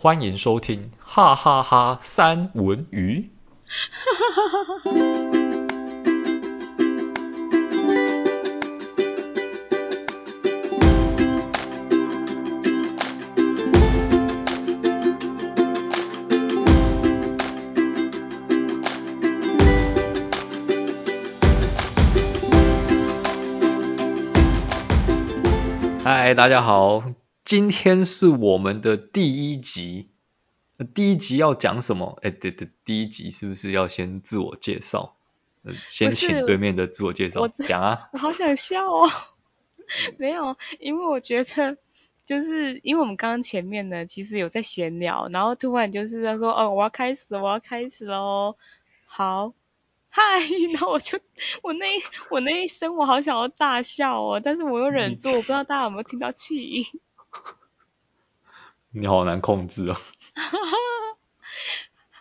歡迎收聽哈哈哈哈三文魚。哈，哈哈哈哈哈。嗨，大家好。今天是我們的第一集。呃、第一集要講什麼？誒、欸、對對，第一集是不是要先自我介紹？呃、先請對面的自我介紹，我是講啊我。我好想笑哦， 沒有，因為我覺得，就是因為我們剛剛前面呢，其實有在閒聊，然後突然就是他說，哦，我要開始了，我要開始了哦。好，嗨，那我就我那一我那一聲，我好想要大笑哦，但是我又忍住，你 我不知道大家有沒有聽到氣音。你好難控制哦。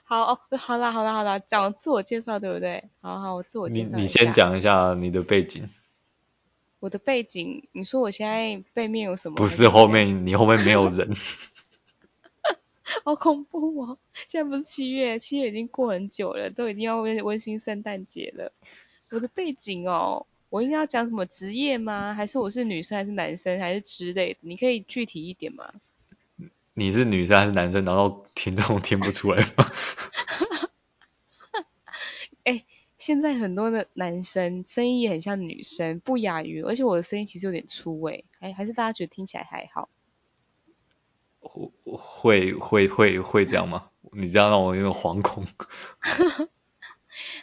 好哦，好啦，好啦，好啦，講自我介紹對不對？好好，我自我介紹你，你先講一下你的背景。我的背景，你說我現在背面有什麼啊？不是後面，你後面沒有人。 好恐怖哦！現在不是七月，七月已經過很久了，都已經要溫溫馨聖誕節了。我的背景哦，我應該要講什麼職業嗎？還是我是女生還是男生還是之類的？你可以具體一點嗎？你是女生還是男生？難道聽眾聽不出來嗎？哈哈哈哈哎，現在很多的男生聲音也很像女生，不亞於，而且我的聲音其實有點粗味，還、欸、還是大家覺得聽起來還好？會會會會會這樣嗎？你這樣讓我有點惶恐。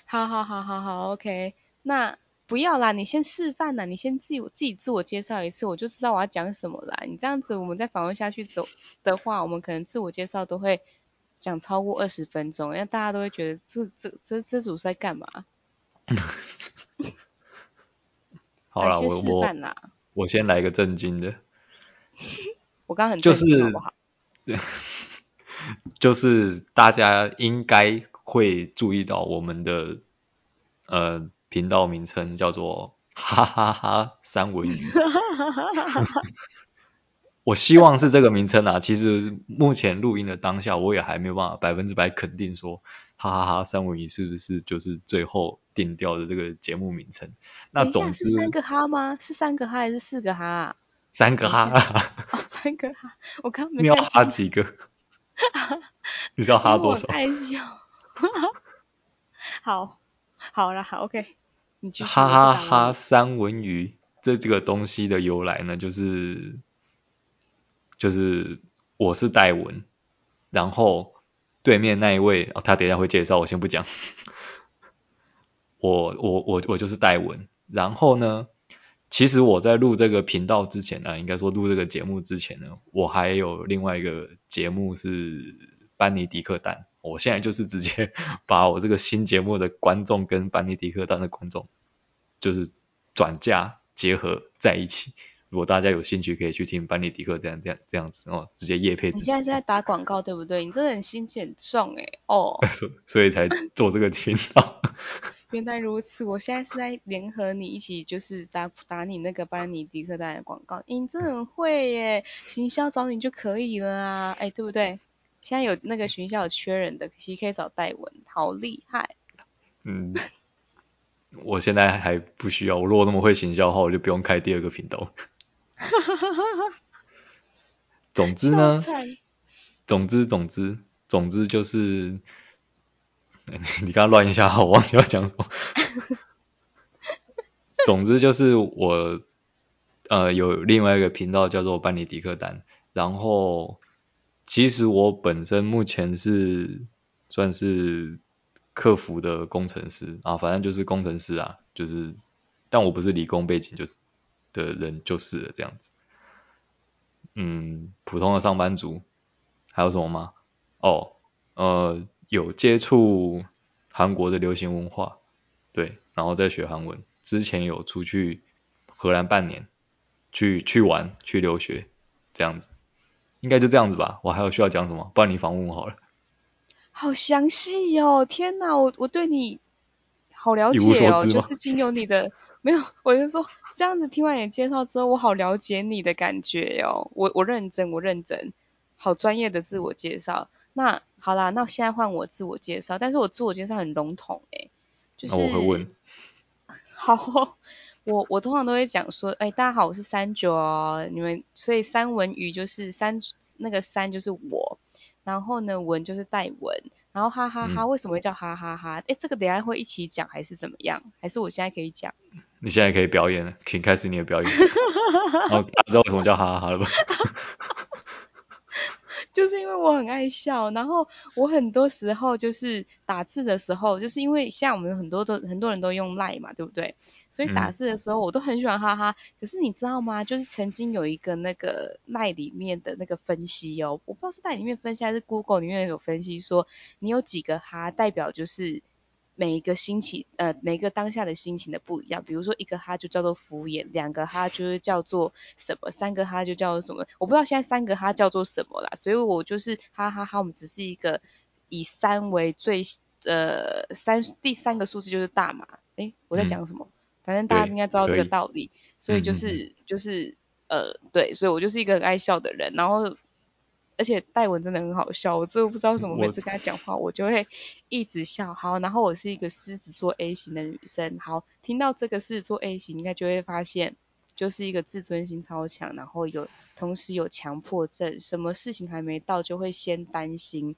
哈哈。好好好好好，OK，那。不要啦，你先示範啦。你先自己自己自我介紹一次，我就知道我要講什麼啦。你這樣子，我們再訪問下去走的話，我們可能自我介紹都會講超過二十分鐘，因為大家都會覺得這這這這組是在幹嘛。 好啦，先示範啦我。我先來個正經的。 我剛剛很正經就是知道 就是大家應該會注意到我們的呃。頻道名稱叫做“哈哈哈三文魚”， 我希望是這個名稱啊。其實目前錄音的當下，我也還沒有辦法百分之百肯定說“哈哈哈三文魚”是不是就是最後定調的這個節目名稱。那總之是三個哈嗎？是三個哈還是四個哈啊？三個哈。啊、 哦，三個哈，我剛剛沒看清。你要哈幾個？哈哈，你知道哈多少？太笑， 好。好好了，好，OK。哈哈哈，三文魚這這個東西的由來呢，就是就是我是戴文，然後對面那一位，哦，他等一下會介紹，我先不講。 我我我我就是戴文，然後呢，其實我在錄這個頻道之前呢，應該說錄這個節目之前呢，我還有另外一個節目是班尼迪克蛋。我現在就是直接把我這個新節目的觀眾跟班尼迪克蛋的觀眾就是轉嫁結合在一起。如果大家有興趣，可以去聽班尼迪克這樣、這樣、這樣子哦，直接業配。你現在是在打廣告，對不對？你真的很心機很重哎，哦、oh.，所以才做這個頻道。 原來如此，我現在是在聯合你一起，就是打打你那個班尼迪克蛋的廣告。欸、你真的很會耶，行銷找你就可以了啊，哎、欸，對不對？現在有那個行銷缺人的，其實可以找戴文，好厲害。嗯，我現在還不需要，我如果那麼會行銷的話，我就不用開第二個頻道。哈哈哈哈哈，總之呢， 總之總之總之就是，你剛剛亂一下，我忘記要講什麼。 總之就是我，呃，有另外一個頻道叫做班尼迪克蛋，然後。其實我本身目前是算是客服的工程師啊，反正就是工程師啊，就是，但我不是理工背景就的人就是了這樣子，嗯，普通的上班族，還有什麼嗎？哦，呃，有接觸韓國的流行文化，對，然後再學韓文，之前有出去荷蘭半年，去去玩去留學這樣子。應該就這樣子吧，我還有需要講什麼？不然你訪問我好了。好詳細哦，天哪，我我對你好了解哦。一無所知嗎？就是經由你的，沒有，我就說這樣子，聽完你的介紹之後，我好了解你的感覺哦。我我認真，我認真，好專業的自我介紹。那好啦，那我現在換我自我介紹，但是我自我介紹很籠統欸，就是。那我會問。好哦。我我通常都會講說，哎，大家好，我是三九哦，你們，所以三文魚就是三，那個三就是我，然後呢文就是代文，然後哈哈哈，哈，為什麼會叫哈哈哈，哈？哎、嗯，這個等下會一起講還是怎麼樣？還是我現在可以講？你現在可以表演了，請開始你的表演。哦， 知道為什麼叫哈哈哈，哈了吧？ 就是因為我很愛笑，然後我很多時候就是打字的時候，就是因為像我們很多都很多人都用 Line 嘛，對不對？所以打字的時候我都很喜歡哈哈。嗯、可是你知道嗎？就是曾經有一個那個 Line 裡面的那個分析哦，我不知道是 Line 裡面分析還是 Google 裡面有分析說，你有幾個哈代表就是。每一個心情，呃，每一個當下的心情的不一樣。比如說一個哈就叫做敷衍，兩個哈就是叫做什麼，三個哈就叫做什麼，我不知道現在三個哈叫做什麼啦。所以，我就是哈哈哈，哈，我們只是一個以三為最，呃，三，第三個數字就是大嘛。誒、欸，我在講什麼？嗯、反正大家應該知道這個道理。所以就是就是呃，對，所以我就是一個很愛笑的人，然後。而且戴文真的很好笑，我就不知道怎麼每次跟他講話，我就會一直笑。我 好，然後我是一個獅子座 A 型的女生。好，聽到這個獅子座 A 型，應該就會發現，就是一個自尊心超強，然後有同時有強迫症，什麼事情還沒到就會先擔心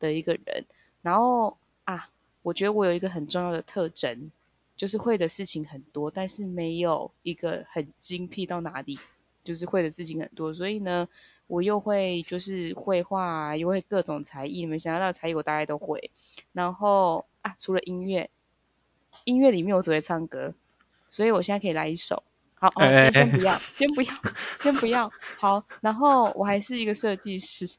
的一個人。然後啊，我覺得我有一個很重要的特徵，就是會的事情很多，但是沒有一個很精闢到哪裡。就是會的事情很多，所以呢，我又會就是繪畫、啊，又會各種才藝，你們想要的才藝我大概都會。然後啊，除了音樂，音樂裡面我只會唱歌，所以我現在可以來一首。好好、哦，先不要， 先不要，先不要。好，然後我還是一個設計師，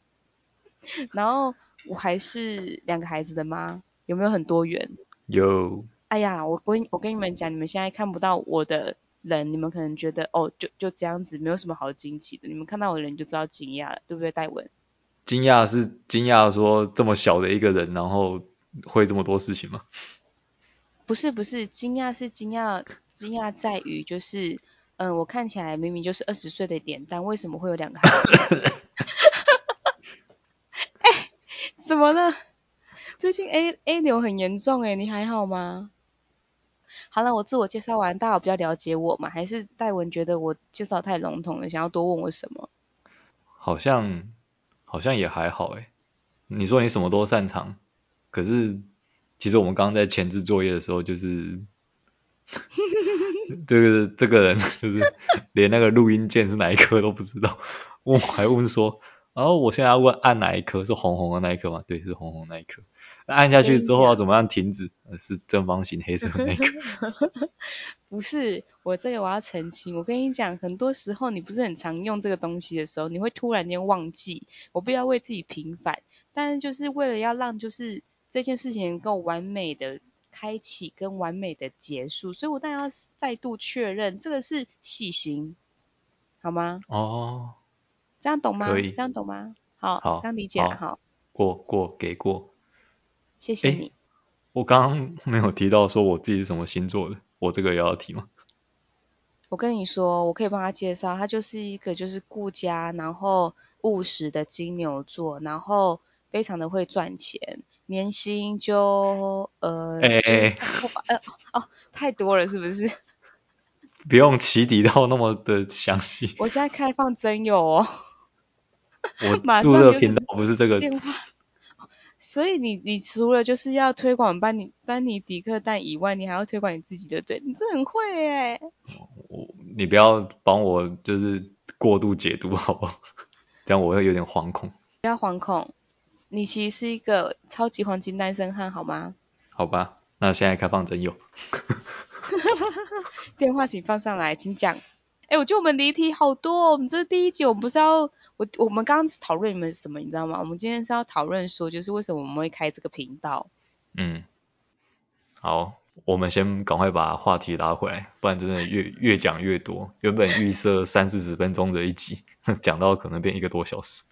然後我還是兩個孩子的媽，有沒有很多元？有。Yo. 哎呀，我跟、我跟你們講，你們現在看不到我的。人，你們可能覺得哦，就就這樣子，沒有什麼好驚奇的。你們看到我的人就知道驚訝了，對不對，戴文？驚訝是驚訝，說這麼小的一個人，然後會這麼多事情嗎？不是不是，驚訝是驚訝，驚訝在於就是，嗯、呃，我看起來明明就是二十歲的臉蛋，但為什麼會有兩個孩子？哈哈哈！哎，怎麼了？最近 A A 流很嚴重誒、欸、你還好嗎？好了，我自我介紹完，大家比較了解我嘛？還是戴文覺得我介紹太籠統了，想要多問我什麼？好像好像也還好誒。你說你什麼都擅長，可是其實我們剛剛在前置作業的時候，就是這個 這個人就是連那個錄音鍵是哪一個都不知道，我還問說。然後我現在要問，按哪一顆？是紅紅的那一顆嗎？對，是紅紅的那一顆。按下去之後要怎麼樣停止？是正方形黑色的那一顆。 不是，我這個我要澄清。我跟你講，很多時候你不是很常用這個東西的時候，你會突然間忘記。我不要為自己平反，但是就是為了要讓就是這件事情能夠完美的開啟跟完美的結束。所以我當然要再度確認，這個是細心，好嗎？哦。這樣懂嗎？可以，這樣懂嗎？好，好，這樣理解了，好。好過過給過，謝謝你。欸、我剛剛沒有提到說我自己是什麼星座的，我這個也要提嗎？我跟你說，我可以幫他介紹，他就是一個就是顧家然後務實的金牛座，然後非常的會賺錢，年薪就，呃，哦，太多了是不是？不用起底到那麼的詳細。 我現在開放真友哦。我錄的頻道不是這個電話，所以你你除了就是要推廣班尼班尼迪克蛋以外，你還要推廣你自己的嘴，你這很會哎、欸。我你不要幫我就是過度解讀好不好？這樣我會有點惶恐。不要惶恐，你其實是一個超級黃金單身漢好嗎？好吧，那現在開放徵友。 電話請放上來，請講。哎，我覺得我們離題好多哦，我們這第一集，我們不是要。我我們剛剛是討論你們什麼，你知道嗎？我們今天是要討論說，就是為什麼我們會開這個頻道。嗯，好，我們先趕快把話題拉回來，不然真的越越講越多，原本預設三四十分鐘的一集，講到可能變一個多小時。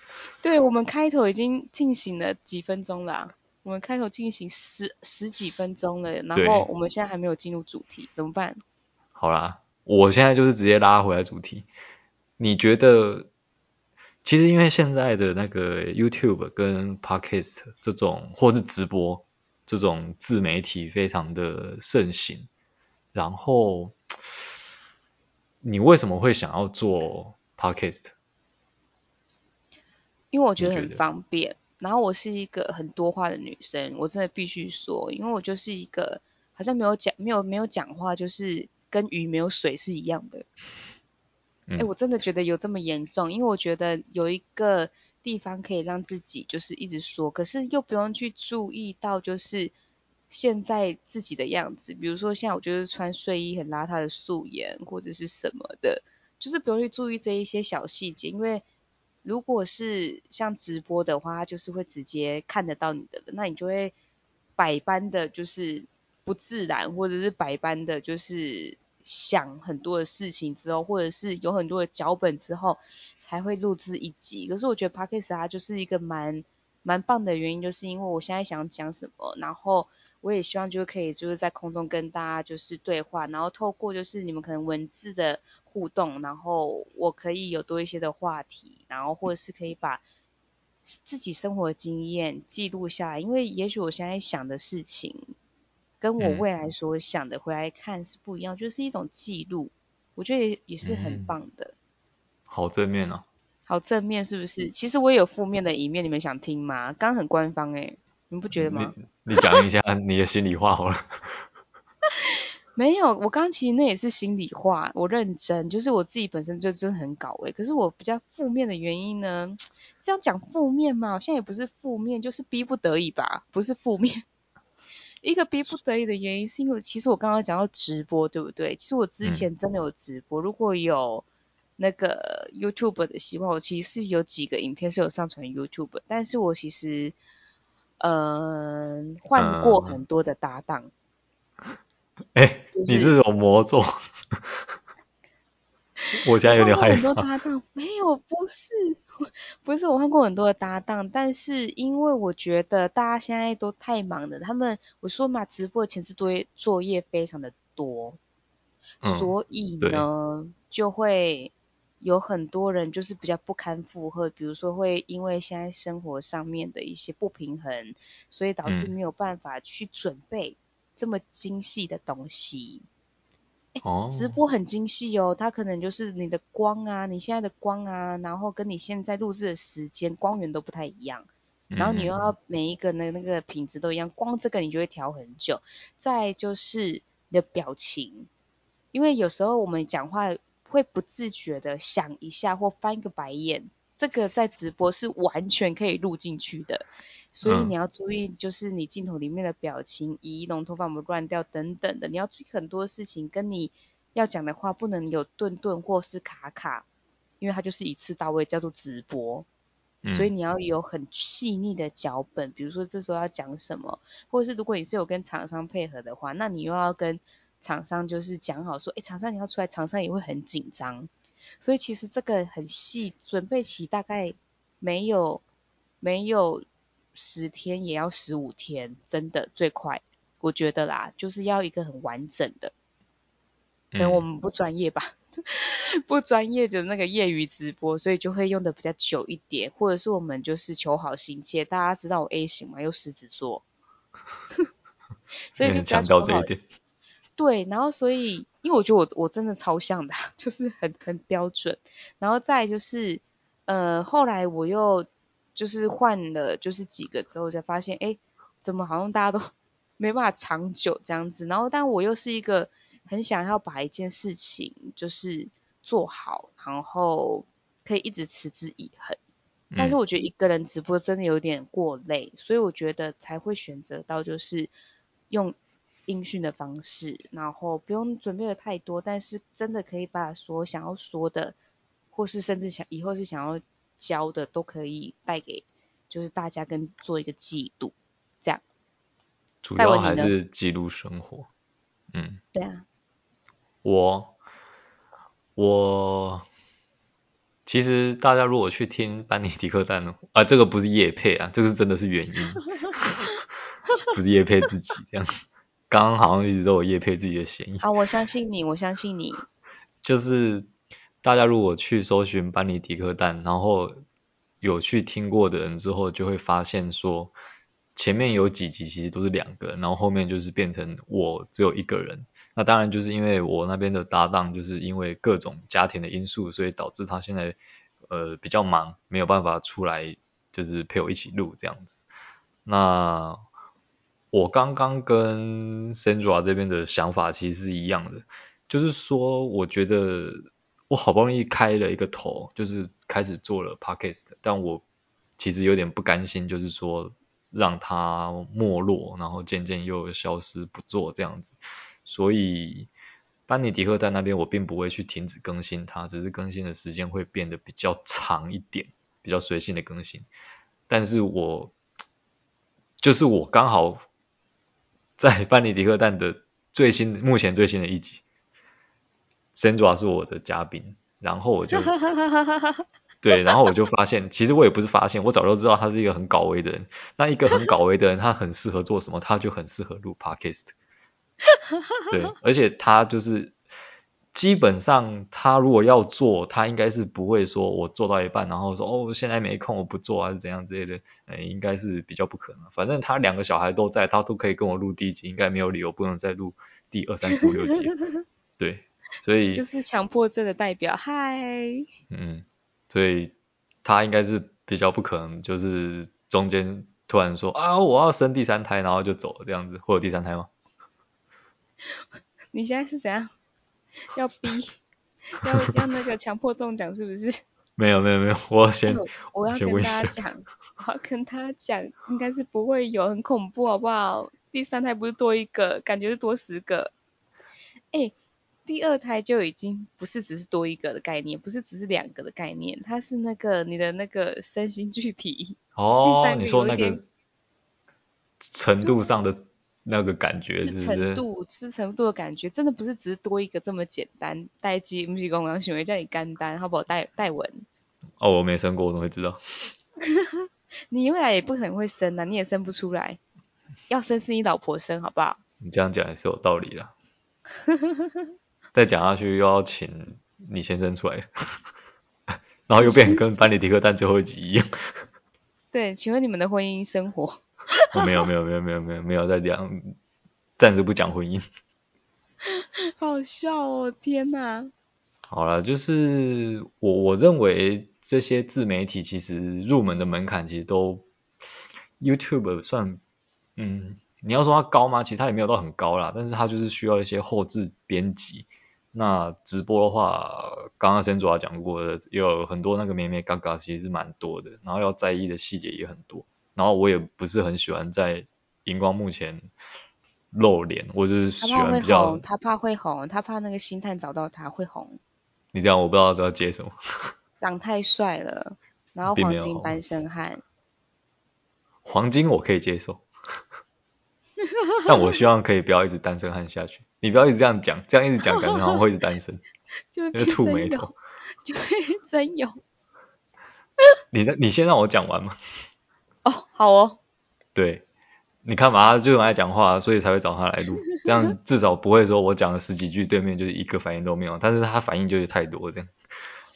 對，我們開頭已經進行了幾分鐘了啊，我們開頭進行十十幾分鐘了，然後我們現在還沒有進入主題，怎麼辦？好啦，我現在就是直接拉回來主題，你覺得？其實因為現在的那個 YouTube 跟 Podcast 這種，或是直播這種自媒體非常的盛行，然後你為什麼會想要做 Podcast？因為我覺得很方便。然後我是一個很多話的女生，我真的必須說，因為我就是一個好像沒有講、沒有、沒有講話，就是跟魚沒有水是一樣的。哎、嗯，欸，我真的覺得有這麼嚴重，因為我覺得有一個地方可以讓自己就是一直說，可是又不用去注意到就是現在自己的樣子，比如說現在我就是穿睡衣很邋遢、的素顏或者是什麼的，就是不用去注意這一些小細節，因為如果是像直播的話，它就是會直接看得到你的，那你就會百般的就是不自然，或者是百般的就是。想很多的事情之後，或者是有很多的腳本之後，才會錄制一集。可是我覺得 podcast 就是一個蠻蠻棒的原因，就是因為我現在想講什麼，然後我也希望就可以就是在空中跟大家就是對話，然後透過就是你們可能文字的互動，然後我可以有多一些的話題，然後或者是可以把自己生活的經驗記錄下來，因為也許我現在想的事情。跟我未來所，嗯、想的回來看是不一樣，就是一種記錄，我覺得也也是很棒的。嗯、好正面哦，啊，好正面是不是？其實我也有負面的一面，你們想聽嗎？剛剛很官方哎，欸，你們不覺得嗎，嗯你？你講一下你的心裡話好了。 沒有，我剛剛其實那也是心裡話，我認真，就是我自己本身就真的很搞哎，欸。可是我比較負面的原因呢，這樣講負面嘛，好像也不是負面，就是逼不得已吧，不是負面。一個逼不得已的原因，是因為其實我剛剛講到直播，對不對？其實我之前真的有直播，嗯、如果有那個 YouTube 的希望，我其實是有幾個影片是有上傳 YouTube，但是我其實嗯、呃、換過很多的搭檔。哎，你是有魔咒。我家有點害怕很多搭檔。沒有，不是，不是。我換過很多的搭檔，但是因為我覺得大家現在都太忙了，他們我說嘛，直播的前置作業作業非常的多，嗯、所以呢，對就會有很多人就是比較不堪負荷。比如說，會因為現在生活上面的一些不平衡，所以導致沒有辦法去準備這麼精細的東西。嗯哦、欸，直播很精細哦，它可能就是你的光啊，你現在的光啊，然後跟你現在錄制的時間光源都不太一樣，然後你又要每一個那那個品質都一樣，光這個你就會調很久。再就是你的表情，因為有時候我們講話會不自覺的想一下或翻一個白眼。這個在直播是完全可以錄進去的，所以你要注意，就是你鏡頭裡面的表情，儀容、嗯、頭髮有沒有亂掉等等的，你要注意很多事情。跟你要講的話不能有頓頓或是卡卡，因為它就是一次到位，叫做直播。所以你要有很細膩的腳本，嗯、比如說這時候要講什麼，或者是如果你是有跟廠商配合的話，那你又要跟廠商就是講好說，哎，廠商你要出來，廠商也會很緊張。所以其實這個很細，準備期大概沒有沒有十天也要十五天，真的最快，我覺得啦，就是要一個很完整的。可能我們不專業吧，嗯、 不專業的那個業餘直播，所以就會用的比較久一點，或者是我們就是求好心切，大家知道我 A 型嘛，又獅子座， 所以就強調這一點對，然後所以，因為我覺得我我真的超像的，就是很很標準。然後再來就是，呃，後來我又就是換了就是幾個之後，就發現，誒，怎麼好像大家都沒辦法長久這樣子。然後，但我又是一個很想要把一件事情就是做好，然後可以一直持之以恆。嗯。但是我覺得一個人直播真的有點過累，所以我覺得才會選擇到就是用。音訊的方式，然後不用準備的太多，但是真的可以把所想要說的，或是甚至想以後是想要教的，都可以帶給，就是大家跟做一個記錄，這樣。主要還是記錄生活。嗯。對啊。我，我，其實大家如果去聽班尼迪克蛋，啊，這個不是業配啊，這個真的是原因， 不是業配自己這樣子。剛剛好像一直都有業配自己的嫌疑啊！Oh, 我相信你，我相信你。就是大家如果去搜尋班尼迪克蛋，然後有去聽過的人之後，就會發現說前面有幾集其實都是兩個，然後後面就是變成我只有一個人。那當然就是因為我那邊的搭檔，就是因為各種家庭的因素，所以導致他現在呃比較忙，沒有辦法出來就是陪我一起錄這樣子。那我剛剛跟 Sandra 這邊的想法其實是一樣的，就是說，我覺得我好不容易開了一個頭，就是開始做了 Podcast，但我其實有點不甘心，就是說讓它沒落，然後漸漸又消失不做這樣子。所以班尼迪克在那邊，我並不會去停止更新它，只是更新的時間會變得比較長一點，比較隨性的更新。但是我就是我剛好。在《班尼迪克蛋》的最新、目前最新的一集，Sandra 是我的嘉賓，然後我就，對，然後我就發現，其實我也不是發現，我早就知道他是一個很搞威的人。那一個很搞威的人，他很適合做什麼？他就很適合錄 podcast。對，而且他就是。基本上他如果要做，他應該是不會說，我做到一半，然後說，哦，現在沒空，我不做，啊，還是怎樣之類的，呃、哎，應該是比較不可能。反正他兩個小孩都在，他都可以跟我錄第一集，應該沒有理由不能再錄第二、三、四、五、六集。 對，所以就是強迫症的代表。嗨，嗯，所以他應該是比較不可能，就是中間突然說啊，我要生第三胎，然後就走了這樣子，或者第三胎嗎？你現在是怎樣？要逼，要要那個強迫中獎是不是？ 沒有沒有沒有，我先、呃、我要跟大家講，我，我要跟他講，應該是不會有很恐怖，好不好？第三胎不是多一個，感覺是多十個。哎、欸，第二胎就已經不是只是多一個的概念，不是只是兩個的概念，它是那個你的那個身心俱疲。哦，第三你說那個程度上的。 那個感覺是是，吃程度、吃程度的感覺，真的不是只是多一個這麼簡單。代機不是公然行為，叫你干單，好不好帶？代代文。哦，我沒生過，我怎麼會知道？ 你未來也不可能會生啊，你也生不出來。要生是你老婆生，好不好？你這樣講也是有道理啦。 再講下去又要請你先生出來， 然後又變成跟班尼迪克蛋最後一集一樣。 對，請問你們的婚姻生活？ 哦、沒有沒有沒有沒有沒有沒有在講，暫時不講婚姻。 好笑哦，天哪。好啦，就是我我認為這些自媒體其實入門的門檻其實都，YouTube 算，嗯，你要說它高嗎？其實它也沒有到很高啦，但是它就是需要一些後製編輯。那直播的話，剛剛先主要講過的，有很多那個眉眉角角，其實是蠻多的，然後要在意的細節也很多。然後我也不是很喜歡在熒光幕前露臉，我就是喜歡比較。他怕，他怕會紅，他怕那個星探找到他會紅。你這樣我不知道要接什麼。長太帥了，然後黃金單身漢。黃金我可以接受， 但我希望可以不要一直單身漢下去。你不要一直這樣講，這樣一直講感覺好像會一直單身。 就會觸霉頭。 就會真有。 你你先讓我講完嗎？好哦，對，你看嘛，他就很愛講話，所以才會找他來錄，這樣至少不會說我講了十幾句，對面就是一個反應都沒有。但是他反應就是太多這樣，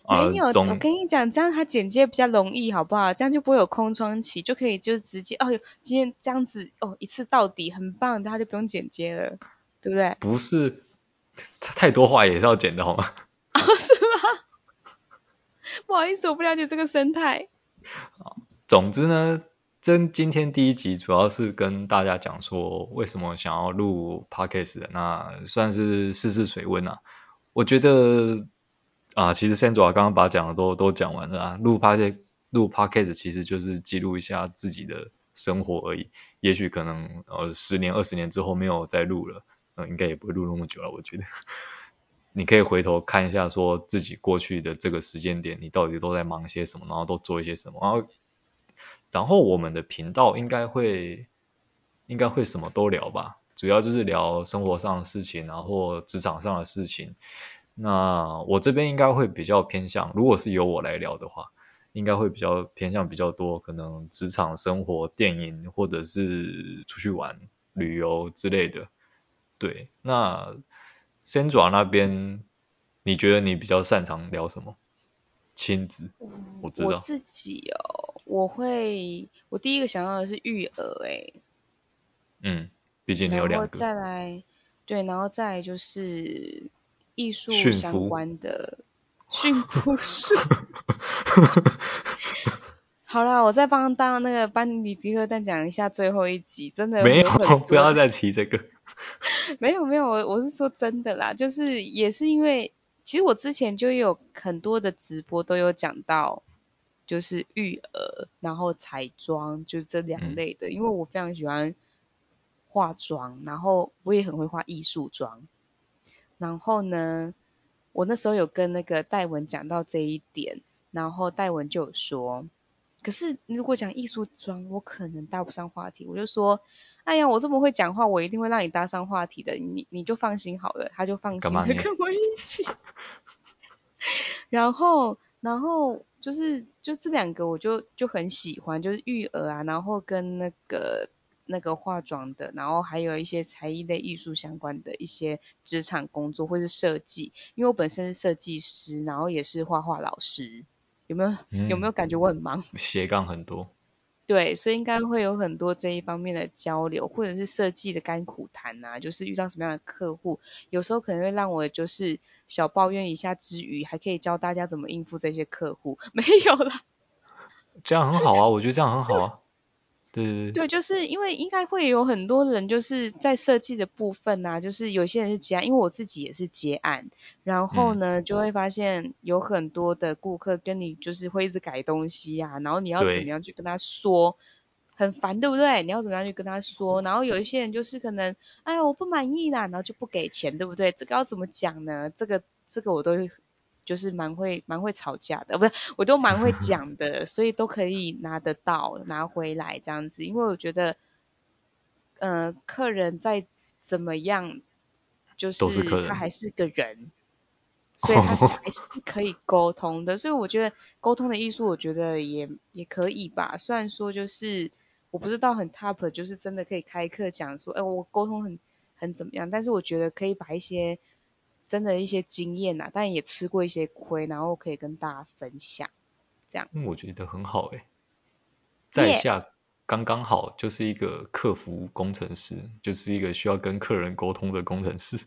啊、沒有，總，我跟你講，這樣他剪接比較容易，好不好？這樣就不會有空窗期，就可以就直接，哎、哦、呦，今天這樣子哦，一次到底，很棒，他就不用剪接了，對不對？不是，太多話也是要剪的，好嗎？啊，是嗎？不好意思，我不了解這個生態。啊，總之呢。真今天第一集主要是跟大家講說為什麼想要錄 podcast 的，那算是試試水溫啊。我覺得啊，其實三主啊剛剛把講的都都講完了啊。錄 podcast 錄 podcast 其實就是記錄一下自己的生活而已。也許可能呃十、啊、年二十年之後沒有再錄了，嗯，應該也不會錄那麼久了。我覺得你可以回頭看一下說自己過去的這個時間點，你到底都在忙些什麼，然後都做一些什麼，然後。然後我們的頻道應該會，應該會什麼都聊吧，主要就是聊生活上的事情，然後職場上的事情。那我這邊應該會比較偏向，如果是由我來聊的話，應該會比較偏向比較多，可能職場、生活、電影，或者是出去玩、旅遊之類的。對，那仙爪那邊，你覺得你比較擅長聊什麼？親子，我知道。我自己哦，我會，我第一個想到的是育兒，哎，嗯，畢竟你有兩個。然後再來，對，然後再來就是藝術相關的，訓服術。好啦，我再幫到那個班尼迪克再講一下最後一集，真的沒有，不要再提這個 沒。沒有沒有，我我是說真的啦，就是也是因為。其實我之前就有很多的直播都有講到，就是育兒，然後彩妝就這兩類的，因為我非常喜歡化妝，然後我也很會化藝術妝。然後呢，我那時候有跟那個戴文講到這一點，然後戴文就有說。可是如果講藝術妝，我可能搭不上話題。我就說，哎呀，我這麼會講話，我一定會讓你搭上話題的。你你就放心好了。他就放心的跟我一起。 然後，然後就是就這兩個，我就就很喜歡，就是育兒啊，然後跟那個那個化妝的，然後還有一些才藝類、藝術相關的一些職場工作或是設計。因為我本身是設計師，然後也是畫畫老師。有沒有、嗯、有沒有感覺我很忙？斜槓很多，對，所以應該會有很多這一方面的交流，或者是設計的甘苦談啊，就是遇到什麼樣的客戶，有時候可能會讓我就是小抱怨一下之餘，還可以教大家怎麼應付這些客戶，沒有啦。這樣很好啊，我覺得這樣很好啊。 對對，就是因為應該會有很多人，就是在設計的部分吶、啊，就是有些人是接案，因為我自己也是接案，然後呢，嗯、就會發現有很多的顧客跟你就是會一直改東西呀、啊，然後你要怎麼樣去跟他說，對很煩，對不對？你要怎麼樣去跟他說？然後有一些人就是可能，哎呀，我不滿意啦，然後就不給錢，對不對？這個要怎麼講呢？這個這個我都。就是蠻會蠻會吵架的，不是，我都蠻會講的，所以都可以拿得到拿回來這樣子，因為我覺得，呃，客人再怎麼樣，就是他還是個人，是人所以他是 還是可以溝通的，所以我覺得溝通的藝術，我覺得也也可以吧。雖然說就是我不知道很 top，就是真的可以開課講說，哎，我溝通很很怎麼樣，但是我覺得可以把一些。真的一些經驗吶、啊，但也吃過一些虧，然後可以跟大家分享，這樣。嗯、我覺得很好哎、欸，在下剛剛好就是一個客服工程師，就是一個需要跟客人溝通的工程師。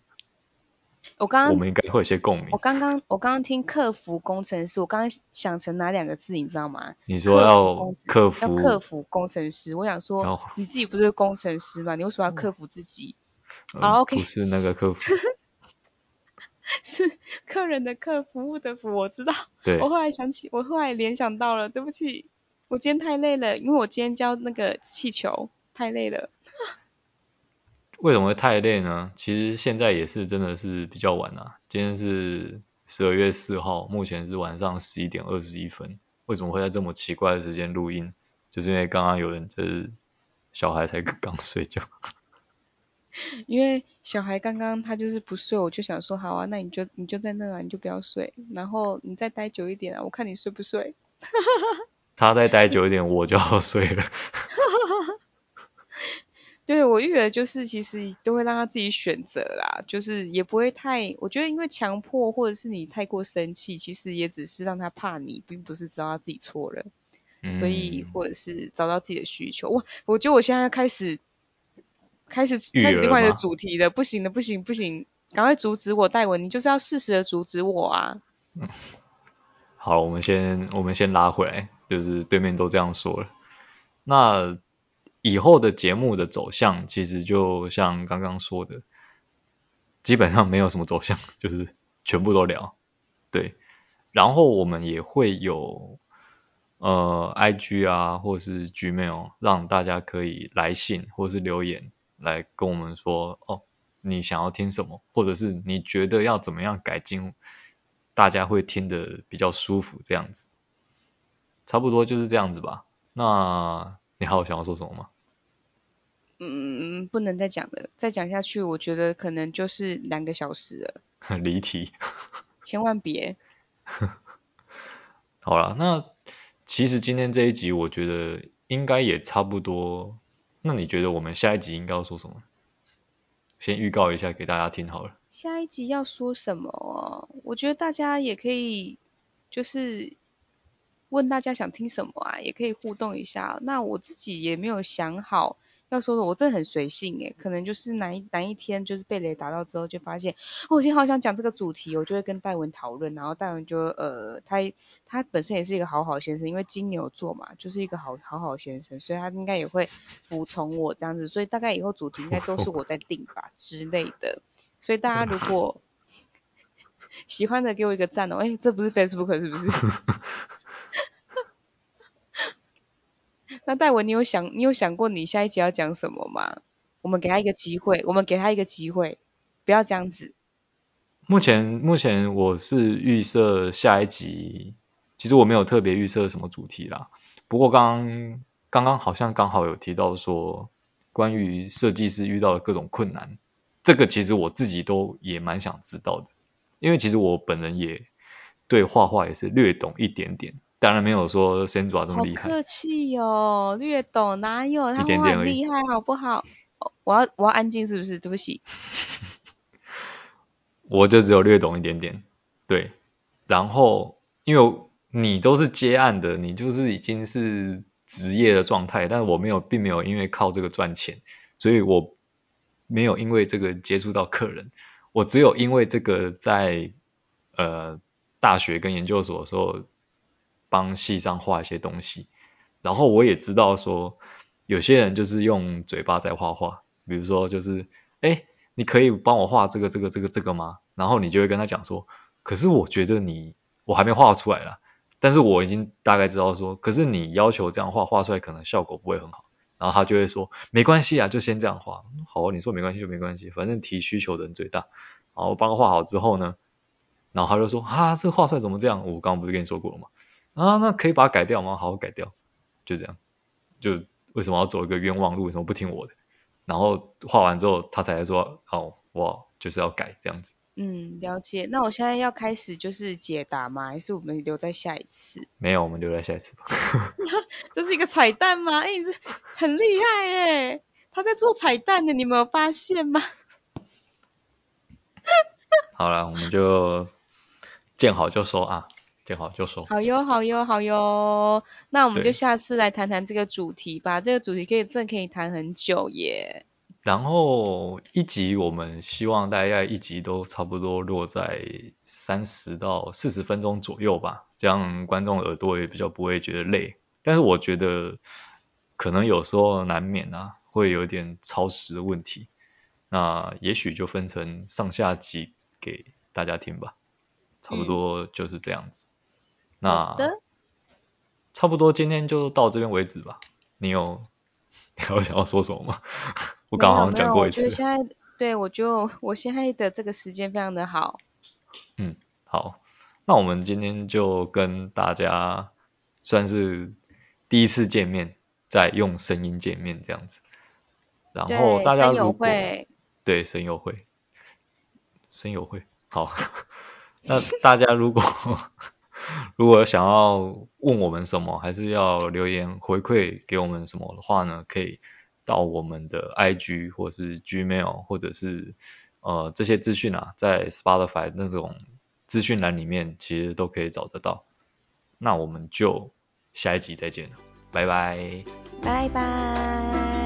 我剛剛我們應該會有些共鳴。我剛剛我剛剛聽客服工程師，我剛剛想成哪兩個字，你知道嗎？你說要客服要客服工程師，我想說要你自己不是工程師嗎？你為什麼要克服自己？嗯 oh, okay. 不是那個客服。 是客人的客，服務的服，我知道。對。我後來想起，我後來聯想到了，對不起，我今天太累了，因為我今天教那個氣球太累了。 為什麼會太累呢？其實現在也是真的是比較晚啦，啊，今天是十二月四號，目前是晚上十一點二十一分。為什麼會在這麼奇怪的時間錄音？就是因為剛剛有人就是小孩才剛睡覺。因為小孩剛剛他就是不睡，我就想說好啊，那你就你就在那啊，你就不要睡，然後你再待久一點啊，我看你睡不睡。 他再待久一點， 我就要睡了。 對，我育兒就是其實都會讓他自己選擇啦，就是也不會太，我覺得因為強迫或者是你太過生氣，其實也只是讓他怕你，並不是知道他自己錯了，嗯，所以或者是找到自己的需求。我我覺得我現在開始。開始開始另外一個主題的，不行的，不行，不行，趕快阻止我，戴文，你就是要適時的阻止我啊！嗯。好，我們先我們先拉回來，就是對面都這樣說了，那以後的節目的走向，其實就像剛剛說的，基本上沒有什麼走向，就是全部都聊，對，然後我們也會有呃 IG 啊，或是 Gmail，讓大家可以來信或是留言。來跟我們說哦，你想要聽什麼，或者是你覺得要怎麼樣改進，大家會聽得比較舒服，這樣子，差不多就是這樣子吧。那你還有想要說什麼嗎？嗯，不能再講了，再講下去，我覺得可能就是兩個小時了。很離題，千萬別。 好啦，那其實今天這一集，我覺得應該也差不多。那你覺得我們下一集應該要說什麼？先預告一下給大家聽好了。下一集要說什麼哦？我覺得大家也可以，就是問大家想聽什麼啊，也可以互動一下。那我自己也沒有想好。要說的我真的很隨性哎，可能就是哪一哪一天就是被雷打到之後，就發現我今天好想講這個主題，我就會跟戴文討論，然後戴文就呃，他他本身也是一個好好先生，因為金牛座嘛，就是一個好好好先生，所以他應該也會服從我這樣子，所以大概以後主題應該都是我在定吧之類的，所以大家如果喜歡的給我一個讚哦，誒，這不是 Facebook 是不是？ 那戴文，你有想你有想過你下一集要講什麼嗎？我們給他一個機會，我們給他一個機會，不要這樣子。目前目前我是預設下一集，其實我沒有特別預設什麼主題啦。不過剛剛剛好像剛好有提到說，關於設計師遇到的各種困難，這個其實我自己都也蠻想知道的，因為其實我本人也對畫畫也是略懂一點點。當然沒有說先爪這麼厲害，好客氣喲、哦，略懂哪有？他很厲害，好不好？ 我要我要安靜，是不是？對不起， 我就只有略懂一點點。對，然後因為你都是接案的，你就是已經是職業的狀態，但我沒有，並沒有因為靠這個賺錢，所以我沒有因為這個接觸到客人，我只有因為這個在呃大學跟研究所的時候。幫戲上畫一些東西，然後我也知道說，有些人就是用嘴巴在畫畫，比如說就是，誒你可以幫我畫這個這個這個這個嗎？然後你就會跟他講說，可是我覺得你我還沒畫出來了，但是我已經大概知道說，可是你要求這樣畫畫出來可能效果不會很好，然後他就會說沒關係啊，就先這樣畫，好、啊，你說沒關係就沒關係，反正提需求的人最大。然後我幫他畫好之後呢，然後他就說，哈、啊，這畫出來怎麼這樣？我剛剛不是跟你說過了嗎？啊，那可以把它改掉嗎？好好改掉，就這樣，就為什麼要走一個冤枉路？為什麼不聽我的？然後畫完之後，他才說：“好、哦，我就是要改這樣子。”嗯，了解。那我現在要開始就是解答嗎？還是我們留在下一次？沒有，我們留在下一次吧。吧 這是一個彩蛋嗎？哎、欸，這很厲害哎，他在做彩蛋的，你沒有發現嗎？ 好了，我們就見好就收啊。就好，就說。好喲，好喲，好喲。那我們就下次來談談這個主題吧。對這個主題可以真的可以談很久耶。然後一集我們希望大概一集都差不多落在三十到四十分鐘左右吧，這樣觀眾耳朵也比較不會覺得累。但是我覺得可能有時候難免啊，會有點超時的問題。那也許就分成上下集給大家聽吧。差不多就是這樣子。嗯那的差不多今天就到這邊為止吧。你有，你還有想要說什麼嗎？ 我剛剛好像講過一次。沒有，就現在。對，我就我現在的這個時間非常的好。嗯，好，那我們今天就跟大家算是第一次見面，在用聲音見面這樣子。然後大家如果對，聲友會，聲友會，聲友會好， 那大家如果。 如果想要問我們什麼，還是要留言回饋給我們什麼的話呢？可以到我們的 IG 或者是 Gmail 或者是呃這些資訊啊，在 Spotify 那種資訊欄裡面，其實都可以找得到。那我們就下一集再見了，拜拜，拜拜。